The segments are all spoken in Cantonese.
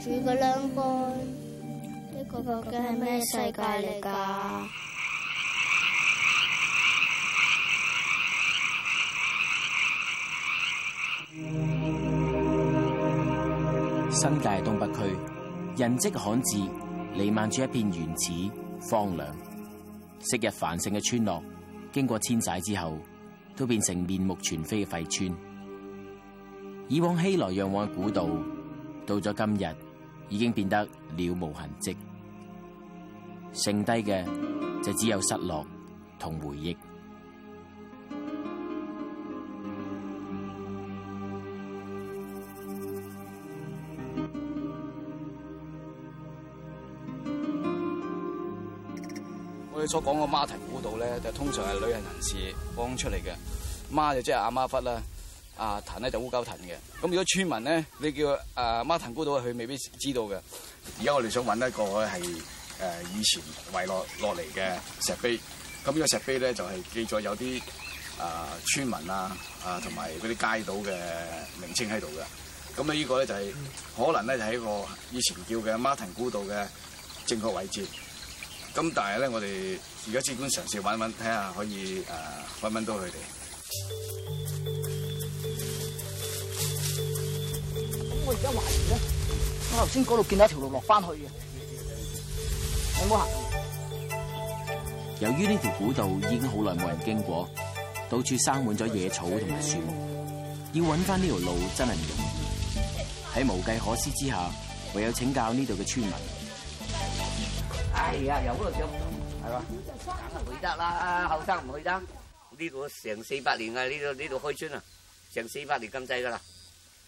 住個兩個，呢個究竟係咩世界嚟噶？新界東北區人跡罕至，彌漫住一片原始荒涼。昔日繁盛嘅村落，經過遷徙之後，都變成面目全非嘅廢村。以往熙來攘往嘅古道，到咗今日。已經變得了無痕迹，剩低嘅就只有失落同回憶。我哋所講嘅媽騰古道咧，就通常係旅行人士講出嚟嘅，媽就即係阿媽忽啦。阿騰咧就烏蛟騰嘅。咁如果村民咧，你叫啊馬騰古道，佢未必知道嘅。而家我哋想揾一個咧係以前遺落落嚟嘅石碑。咁呢個石碑咧就係記載有啲啊村民啊啊同埋嗰啲街道嘅名稱喺度嘅。咁咧呢個咧就係、是嗯、可能咧就係一個以前叫嘅馬騰古道嘅正確位置。咁但係咧，我哋而家只管嘗試揾揾睇下可以誒揾揾到佢哋。我而家懷疑咧，我頭先嗰度見到一條路落翻去嘅，有冇行？由於呢條古道已經好耐冇人經過，到處生滿咗野草同埋樹木，要搵翻呢條路真係唔容易。喺無計可施之下，唯有請教呢度嘅村民。哎呀，由嗰度上，係嘛？梗係去得啦，後生唔去得。呢度成四百年啊，呢度呢度開村啊，成四百年咁滯噶啦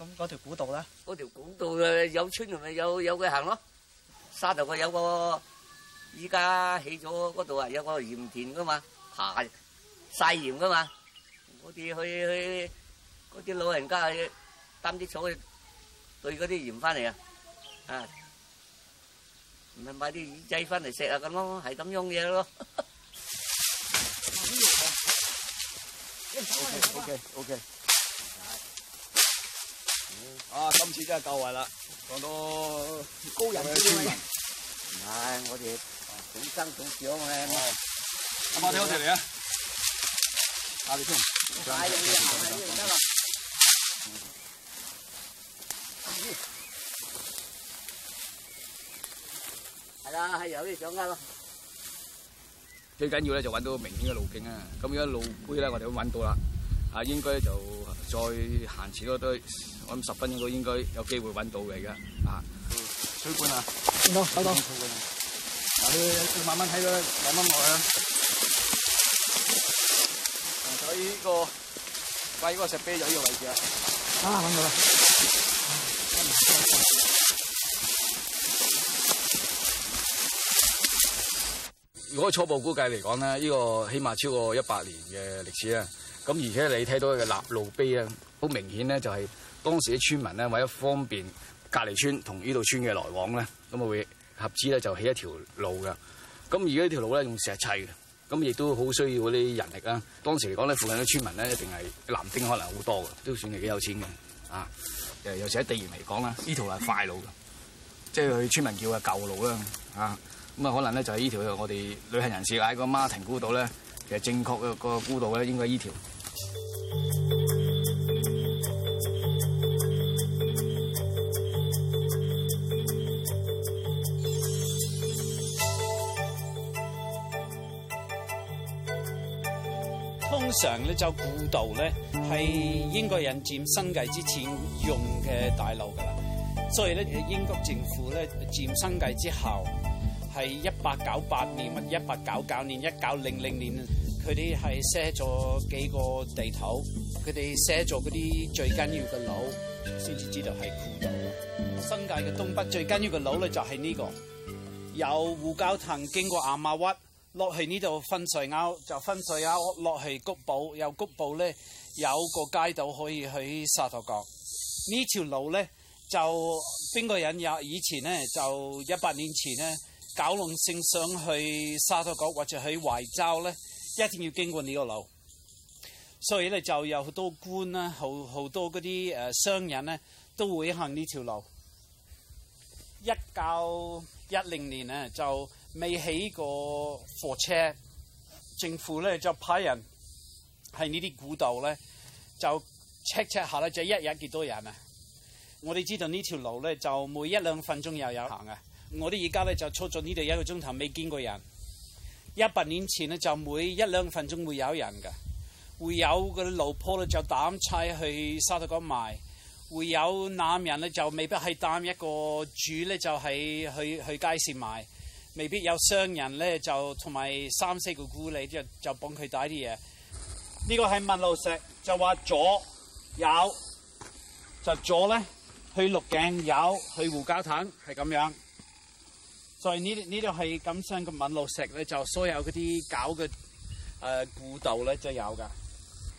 咁嗰條古道咧，嗰條古道誒有村咪有有佢行咯。沙頭角有個依家起咗嗰度啊，有個鹽田㗎嘛，爬曬鹽㗎嘛，我哋去去嗰啲老人家擔啲草去對嗰啲鹽返嚟啊，啊，咪買啲耳仔返嚟食啊咁咯，係咁樣嘢咯。OK OK OK。啊！今次真係夠運啦，講到高人之位。唔係我哋晉升、晉升嘅，阿媽聽住你啊，阿你聽。係啦，係有啲獎金咯。最緊要咧就揾到明顯嘅路徑啊！咁樣路背咧，我哋都揾到啦。啊，應該就再行遲多啲，我諗十分鐘應該有機會揾到嘅而家。啊，水管啊，等等，等等。嗱，你慢慢睇多兩蚊外啊。所以呢個貴過石碑就呢個位置啊。啊，揾到啦！如果初步估計嚟講呢，呢個起碼超過一百年嘅歷史啊。咁而且你睇到嘅立路碑啊，好明顯咧，就係當時啲村民咧，為咗方便隔離村同呢度村嘅來往咧，咁啊會合資咧就起一條路嘅。咁而家呢條路咧用石砌嘅，咁亦都好需要嗰啲人力啊。當時嚟講咧，附近啲村民咧一定係男丁、嗯，可能好多嘅，都算係幾有錢嘅啊。誒，尤其喺地緣嚟講啦，呢條係快路嘅，即係佢村民叫嘅舊路啦。啊，咁啊可能咧就係呢條我哋旅行人士嗌、個馬庭孤島咧，其實正確嘅個孤島咧應該呢條。通常呢就古道呢係英國人佔新界之前用嘅大路噶啦，所以呢英國政府呢佔新界之後係一八九八年、一八九九年、一九零零年。佢哋係 set 咗幾個地頭，佢哋 set 咗嗰啲最緊要嘅路，先至知道係古道，新界嘅東北最緊要嘅路咧，就係呢個有烏蛟騰經過亞馬屈落去呢度分水坳，就分水坳落去谷埔，有谷埔咧有個街道可以去沙頭角條呢條路咧，就邊個人有以前咧就一百年前咧搞農姓想去沙頭角或者去惠州咧。一定要經過呢個路，所以咧就有好多官啦，好好多嗰啲誒商人咧都會行呢條路。一九一零年啊，就未起過火車，政府咧就派人喺呢啲古道咧就 check check 下啦，就一日幾多人啊？我哋知道呢條路咧就每一兩分鐘又有行啊。我哋而家咧就坐咗呢度一個鐘頭，未見過人。一百年前咧，就每一兩分鐘會有人嘅，會有嗰啲老婆咧就擔菜去沙頭角賣，會有男人咧就未必係擔一個主咧就係去去，去街市賣，未必有商人咧就同埋三四個姑娘就就幫佢帶啲嘢。呢個係問路石，就話左右，就左咧去鹿頸，右去胡家坦，係咁樣。所以呢，呢度係咁新嘅問路石咧，就所有嗰啲搞嘅誒、呃、古道咧就有噶。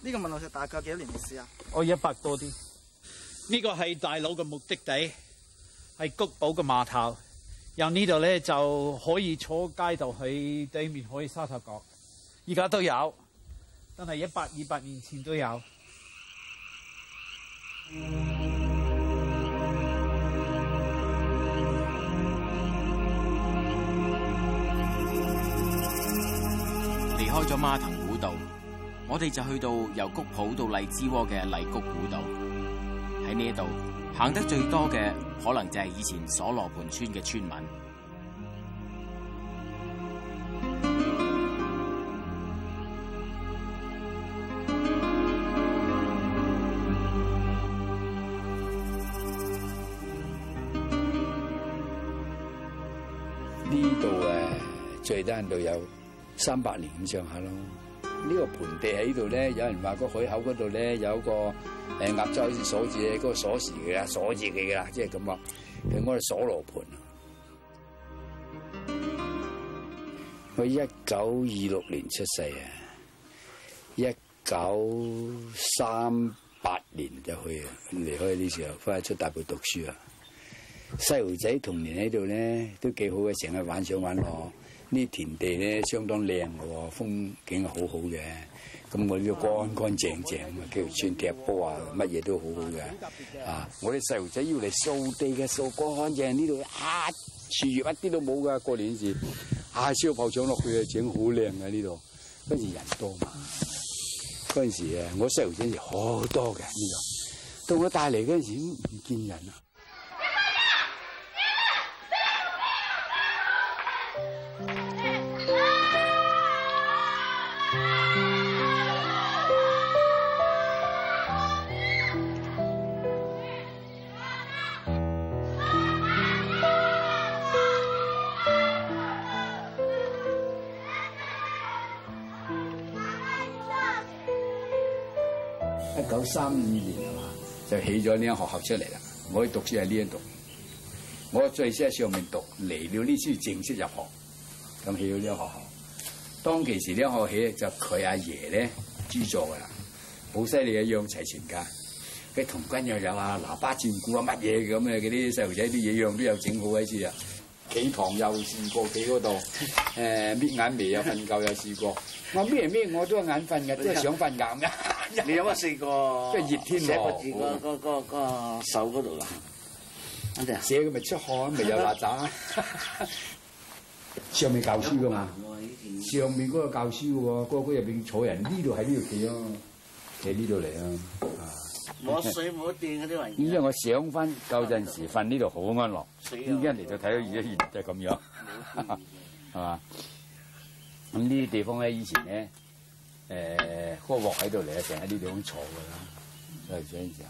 呢個問路石大概幾多年歷史啊？哦，一百多啲。呢、這個係大佬嘅目的地，係谷保嘅碼頭。由呢度咧就可以坐街渡去對面，可以沙頭角。而家都有，真係一百二百年前都有。嗯。離開咗孖藤古道，我哋就去到由谷埔到荔枝窩嘅荔谷古道。喺呢度行得最多嘅，可能就係以前鎖羅盆村嘅村民。呢度誒，最多人都有。三百年咁上下咯，呢、這個盆地喺度咧，有人話個海口嗰度咧有個誒、呃、鴨洲好似鎖住嘅，嗰、那個鎖匙嘅鎖住佢嘅啦，即係咁話！佢攞嚟鎖羅盤啊！佢一九二六年出世啊，一九三八年就去啊，離開呢時候翻去出大埔讀書啊，細路仔童年喺度咧都幾好嘅，成日玩上玩落。呢田地咧相當靚嘅喎，風景好好嘅，咁我呢度乾乾淨淨啊，叫穿踢波啊，乜嘢都好好嘅。啊，我啲細路仔要嚟掃地嘅掃乾乾淨，呢度一樹葉一啲都冇噶，過年時啊燒炮仗落去啊，整好靚嘅呢度，跟住人多嘛。嗰陣時啊，我細路仔好多嘅呢度，到我帶嚟嗰陣時已經唔見人啦。九三五年啊嘛，就起咗呢間學校出嚟啦。我以讀書喺呢間讀，我最識喺上面讀。嚟到呢書正式入學，咁起咗呢間學校。當其時呢間學校起就佢阿爺咧資助㗎啦，好犀利一樣齊全家，佢童軍又有啊，喇叭戰故、戰鼓啊，乜嘢咁嘅嗰啲細路仔啲嘢，樣都有整好喺次啊！起堂又試過起嗰度。誒眯眼未有瞓覺有試過，我咩咩，我都係眼瞓嘅，都係想瞓覺嘅。你有乜試過？即係熱天，寫個字個個個手度啦，寫佢咪出汗，未有邋遢。上面教書㗎嘛？上面嗰個教書喎，個個入邊坐人呢度喺呢度企咯，企呢度嚟啊！我水冇斷嗰啲因。依家我想翻舊陣時瞓呢度好安樂，依家嚟就睇到二一月就係咁樣。係嘛？咁呢啲地方咧，以前咧，誒、欸、嗰個鑊喺度嚟啊，成日喺呢地方坐㗎啦。細路仔嗰陣時候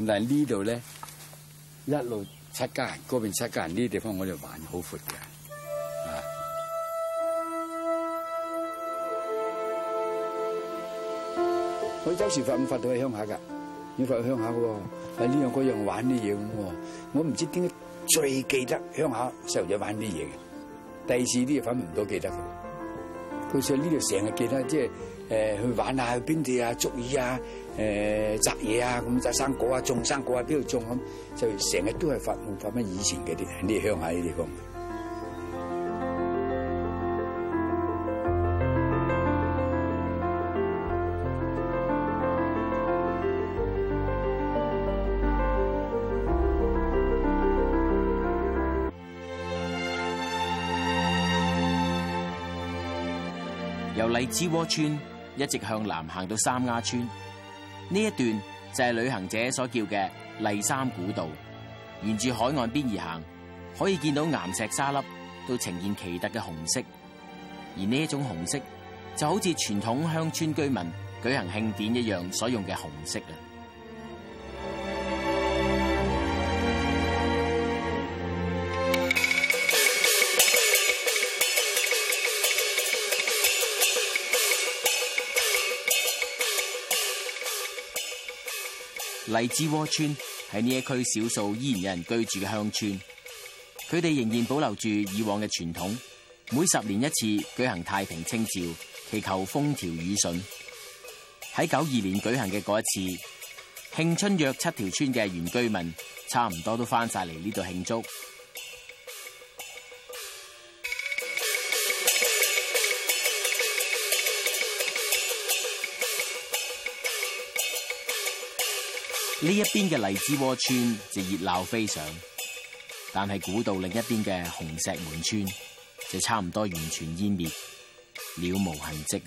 咁但係呢度咧一路七家人嗰、嗯、邊七家人，呢、這個、地方我就玩好闊㗎啊！我週時發唔發到去鄉下㗎？要發去鄉下喎，喺呢樣嗰樣玩啲嘢咁喎，我唔知點解最記得鄉下細路仔玩啲嘢。第二次啲嘢粉唔到記得，佢上呢度成日記得，即係誒、呃、去玩去啊，去邊啲啊，捉、呃、魚啊，誒摘嘢啊，咁摘生果啊，種生果啊，邊度種咁、啊，就成日都係發夢，發翻以前嗰啲，啲鄉下啲地方。由荔枝窩村一直向南行到三丫村，呢一段就係旅行者所叫嘅荔三古道。沿住海岸邊而行，可以見到岩石沙粒都呈現奇特嘅紅色，而呢一種紅色就好似傳統鄉村居民舉行慶典一樣所用嘅紅色啦。荔枝窩村係呢一區少數依然有人居住嘅鄉村，佢哋仍然保留住以往嘅傳統，每十年一次舉行太平清醮，祈求風調雨順。喺九二年舉行嘅嗰一次，慶春約七條村嘅原居民差唔多都翻晒嚟，呢度慶祝。呢一邊嘅荔枝窩村就熱鬧非常，但係古道另一邊嘅紅石門村就差唔多完全湮滅，了無痕跡。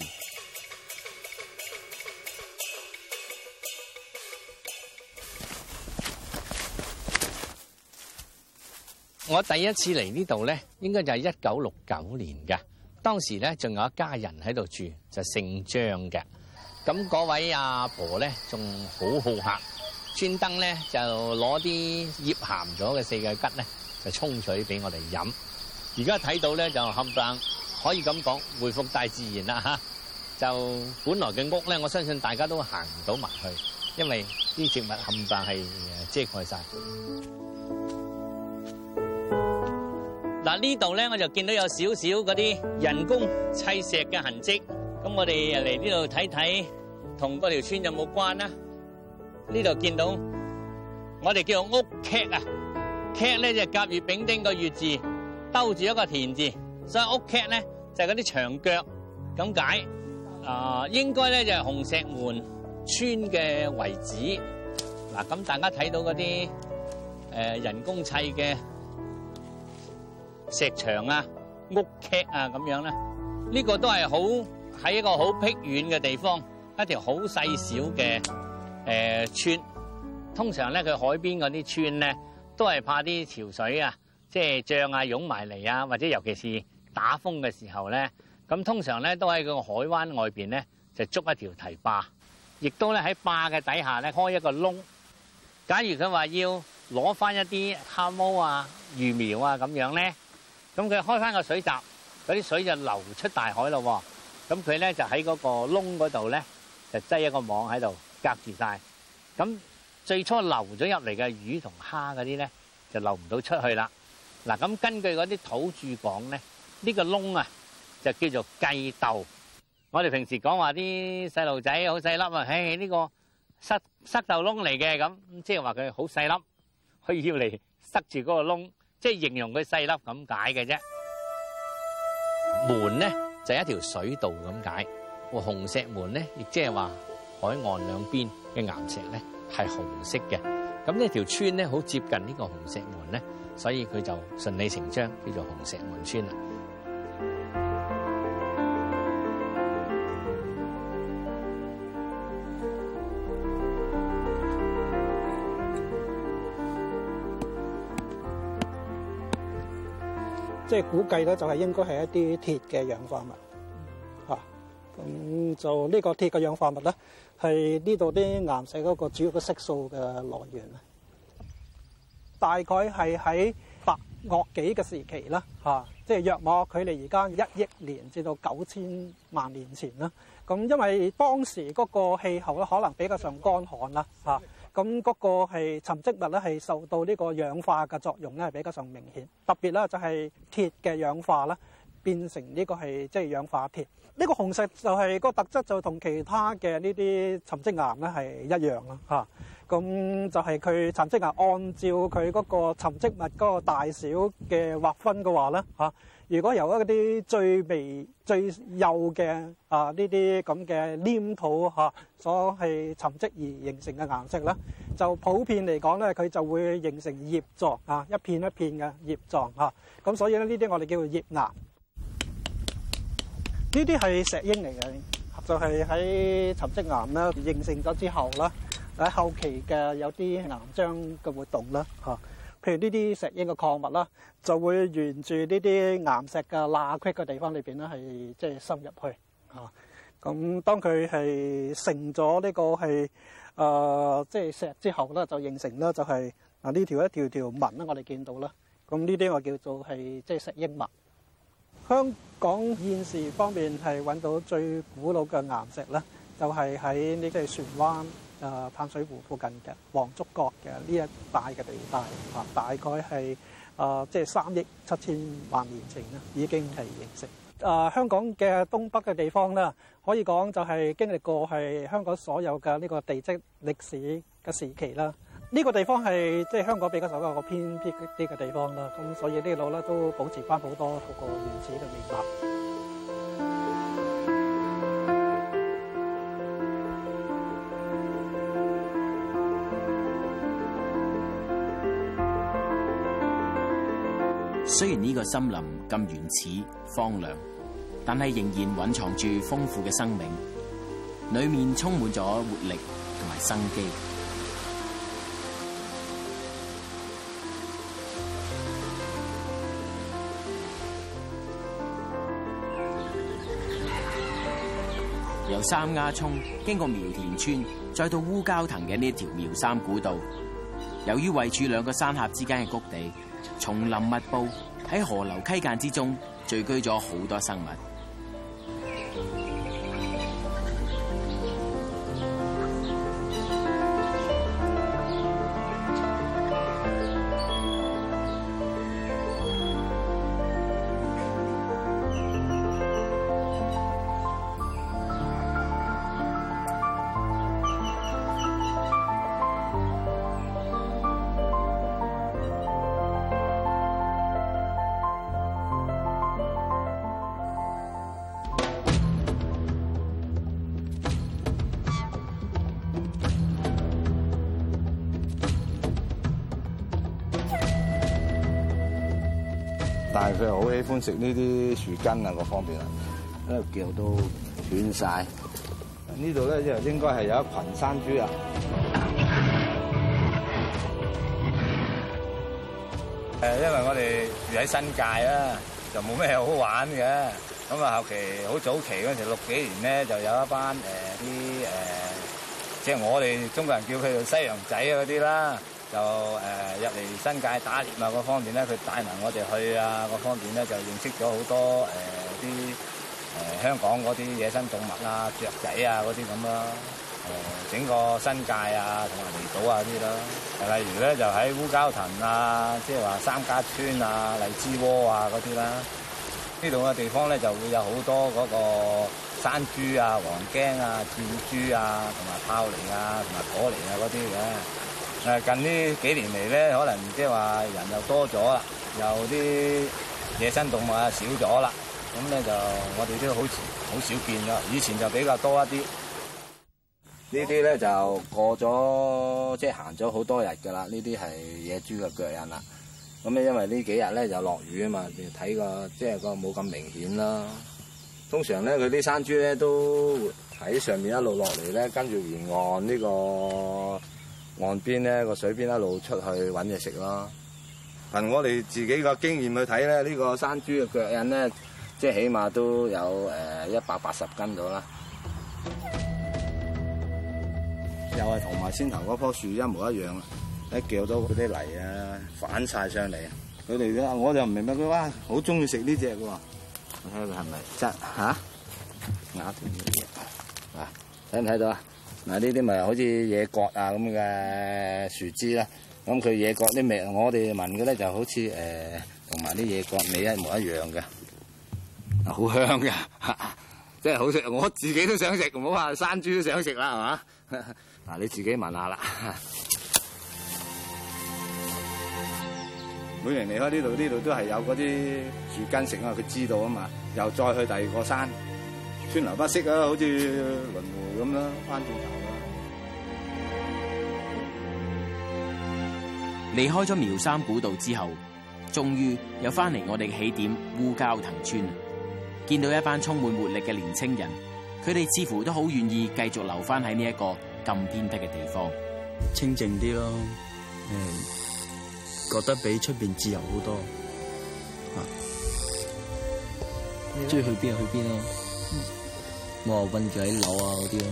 我第一次嚟呢度咧，應該就係一九六九年嘅，當時咧仲有一家人喺度住，就姓張嘅。咁嗰位阿婆咧仲好好客。專登咧就攞啲醃鹹咗嘅四季桔咧，就沖水俾我哋飲。而家睇到咧就冚唪唥，可以咁講回復大自然啦吓。就本來嘅屋咧，我相信大家都行唔到埋去，因為啲植物冚唪唥係遮蓋晒。嗱，呢度咧我就見到有少少嗰啲人工砌石嘅痕跡。咁我哋嚟呢度睇睇，同嗰條村有冇關啊？呢度見到我哋叫做屋脊啊，脊咧就係甲乙丙丁個月字兜住一個田字，所以屋脊咧就係嗰啲牆腳咁解。啊、這個呃，應該咧就係紅石門村嘅遺址。嗱、啊，咁大家睇到嗰啲誒人工砌嘅石牆啊、屋脊啊咁樣咧，呢個都係好喺一個好僻遠嘅地方，一條好細小嘅。誒，村通常咧，佢海邊嗰啲村咧，都係怕啲潮水啊，即係漲啊，湧埋嚟啊，或者尤其是打風嘅時候咧，咁通常咧都喺個海灣外邊咧就捉一條堤壩，亦都咧喺壩嘅底下咧開一個窿。假如佢話要攞翻一啲蝦毛啊、魚苗啊咁樣咧，咁佢開翻個水閘，嗰啲水就流出大海咯。咁佢咧就喺嗰個窿嗰度咧就擠一個網喺度。隔住晒，咁最初流咗入嚟嘅魚同蝦嗰啲咧，就流唔到出去啦。嗱，咁根據嗰啲土著講咧，呢個窿啊，就叫做計竇。我哋平時講話啲細路仔好細粒啊，唉，呢個塞塞竇窿嚟嘅咁，即係話佢好細粒，佢要嚟塞住嗰個窿，即係形容佢細粒咁解嘅啫。門咧就一條水道咁解，紅石門咧亦即係話。海岸兩邊嘅岩石咧係紅色嘅，咁呢條村咧好接近呢個紅石門咧，所以佢就順理成章叫做紅石門村啦。即係估計咧，就係應該係一啲鐵嘅氧化物。咁就呢個鐵嘅氧化物咧，係呢度啲岩石嗰個主要嘅色素嘅來源啦。大概係喺白堊紀嘅時期啦，吓、啊，即係約莫距離而家一億年至到九千萬年前啦。咁因為當時嗰個氣候咧，可能比較上乾旱啦，吓、啊，咁嗰個係沉積物咧，係受到呢個氧化嘅作用咧，係比較上明顯。特別咧就係鐵嘅氧化啦。變成呢個係即係氧化鐵呢、這個紅石就係、是那個特質就同其他嘅呢啲沉積岩咧係一樣啦嚇。咁、啊、就係佢沉積岩按照佢嗰個沉積物嗰個大小嘅劃分嘅話咧嚇、啊，如果由一啲最微最幼嘅啊呢啲咁嘅黏土嚇、啊、所係沉積而形成嘅顏色咧，就普遍嚟講咧，佢就會形成葉狀啊，一片一片嘅葉狀嚇。咁、啊、所以咧，呢啲我哋叫做葉岩。呢啲係石英嚟嘅，就係喺沉積岩啦，形成咗之後啦，喺後期嘅有啲岩漿嘅活動啦，吓，譬如呢啲石英嘅礦物啦，就會沿住呢啲岩石嘅罅隙嘅地方裏邊咧，係即係深入去，吓，咁當佢係成咗呢個係誒，即係石之後咧，就形成咧，就係嗱呢條一條條紋咧，我哋見到啦，咁呢啲我叫做係即係石英脈。香港現時方面係揾到最古老嘅岩石咧，就係喺呢個船灣啊淡水湖附近嘅黃竹角嘅呢一帶嘅地帶啊，大概係啊，即係三億七千萬年前啦，已經係形成啊。香港嘅東北嘅地方啦，可以講就係經歷過係香港所有嘅呢個地質歷史嘅時期啦。呢個地方係即係香港比較受一個偏僻啲嘅地方啦，咁所以呢度咧都保持翻好多嗰個原始嘅面貌。雖然呢個森林咁原始荒涼，但係仍然蘊藏住豐富嘅生命，裏面充滿咗活力同埋生機。由三丫涌經過苗田村，再到烏蛟騰嘅呢條苗山古道，由於位處兩個山峽之間嘅谷地，叢林密布，喺河流溪澗之中聚居咗好多生物。但係佢又好喜歡食呢啲樹根啊，各方面啊，因為腳都斷曬。呢度咧就應該係有一羣山豬啊。誒，因為我哋住喺新界啊，就冇咩好玩嘅。咁啊，後期好早期嗰陣時六幾年咧，就有一班誒啲誒，即係我哋中國人叫佢做西洋仔嗰啲啦。就誒入嚟新界打獵啊，嗰方面咧，佢帶埋我哋去啊，嗰方面咧就認識咗好多誒啲誒香港嗰啲野生動物啊、雀仔啊嗰啲咁咯。誒整個新界啊，同埋離島啊啲咯、啊。例如咧，就喺烏蛟騰啊，即係話三家村啊、荔枝窩啊嗰啲啦。呢度嘅地方咧就會有好多嗰個山豬啊、黃麖啊、箭豬啊、同埋豹狸啊、同埋果狸啊嗰啲嘅。誒，近呢幾年嚟咧，可能即係話人又多咗啦，又啲野生動物啊少咗啦，咁咧就我哋都好好少見啦。以前就比較多一啲，呢啲咧就過咗即係行咗好多日噶啦。呢啲係野豬嘅腳印啦。咁咧因為幾呢幾日咧就落雨啊嘛，你睇過，即係個冇咁明顯啦。通常咧佢啲山豬咧都喺上面一路落嚟咧，跟住沿岸呢、這個。岸邊咧個水邊一路出去揾嘢食咯。憑我哋自己嘅經驗去睇咧，呢個山豬嘅腳印咧，即係起碼都有誒一百八十斤到啦。又係同埋先頭嗰棵樹一模一樣，一叫到佢啲泥啊，反曬上嚟。佢哋，我就唔明白佢話，好中意食呢隻嘅喎。睇下佢係咪執吓，眼啊，睇唔睇到啊？看嗱，呢啲咪好似野葛啊咁嘅樹枝啦，咁佢野葛啲味，我哋聞嘅咧就好似誒同埋啲野葛味一模一樣嘅，好香㗎，真係好食，我自己都想食，唔好話山豬都想食啦，係嘛？嗱，你自己聞下啦。哈哈，每年嚟開呢度，呢度都係有嗰啲樹根食啊，佢知道啊嘛，又再去第二個山，川流不息啊，好似雲湖咁啦，翻轉離開咗苗山古道之後，終於又翻嚟我哋嘅起點烏膠藤村。見到一班充滿活力嘅年輕人，佢哋似乎都好願意繼續留翻喺呢一個咁偏僻嘅地方。清靜啲咯，嗯，覺得比出邊自由好多。啊，中意的去邊就去邊咯。我又韫住喺樓啊嗰啲咯，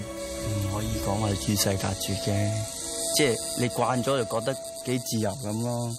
唔、哦、可以講我係與世隔絕嘅。即係你慣咗就覺得幾自由咁咯。